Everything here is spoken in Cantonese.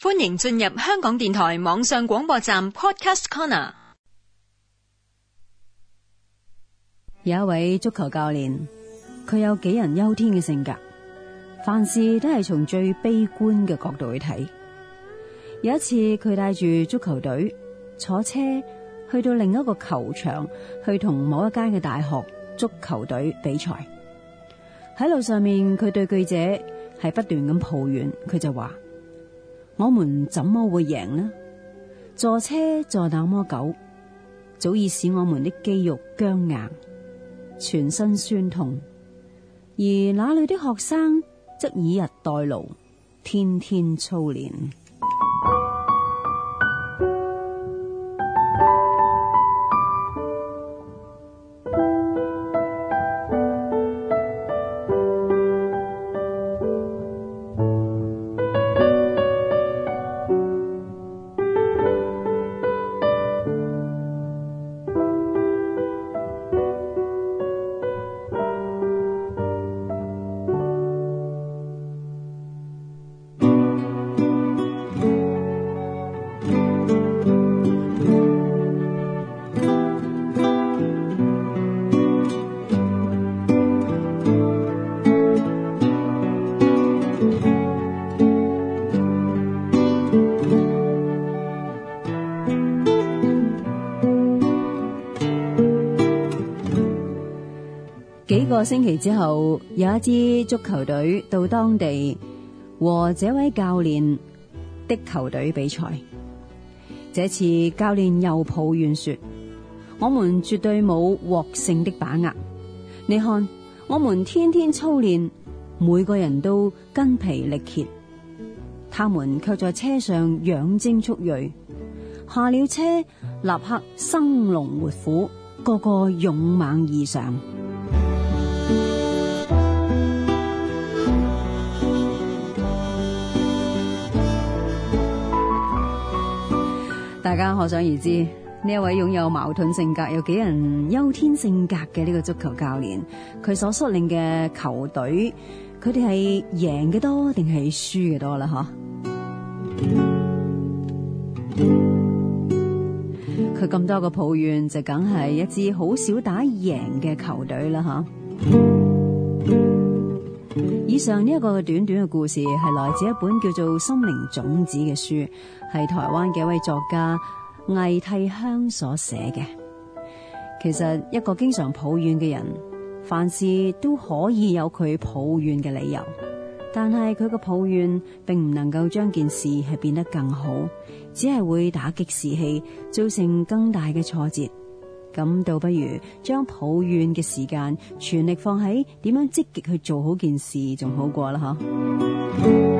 歡迎進入香港電台網上廣播站 Podcast Corner。有一位足球教練，佢有杞人憂天嘅性格，凡事都係從最悲觀嘅角度去睇。有一次，佢帶住足球隊坐車去到另一個球場，去同某一間嘅大學足球隊比賽。喺路上面，佢對記者係不斷咁抱怨，佢就話。我們怎麼會贏呢？坐車坐那麼久，早已使我們的肌肉僵硬，全身酸痛。而那裏的學生則以逸待勞，天天操練。幾個星期之後，有一支足球隊到當地，和這位教練的球隊比賽。這次教練又抱怨說：「我們絕對冇獲勝的把握。你看，我們天天操練，每個人都筋疲力竭，他們卻在車上養精蓄銳，下了車，立刻生龍活虎，個個勇猛異常。大家可想而知，呢一位擁有矛盾性格、有杞人憂天性格嘅呢個足球教練，佢所率領嘅球隊，佢哋係贏嘅多定係輸嘅多啦？嗬，佢咁、嗯、多個抱怨，就梗係一支好少打贏嘅球隊啦，嗬。嗯嗯嗯嗯以上呢一個短短嘅故事係來自一本叫做《心靈種子》嘅書，係台灣嘅一位作家魏悌香所寫嘅。其實一個經常抱怨嘅人，凡事都可以有佢抱怨嘅理由，但係佢嘅抱怨並唔能夠將件事係變得更好，只係會打擊士氣，造成更大嘅挫折。咁倒不如將抱怨嘅時間，全力放喺點樣積極去做好件事，仲好過啦，吓。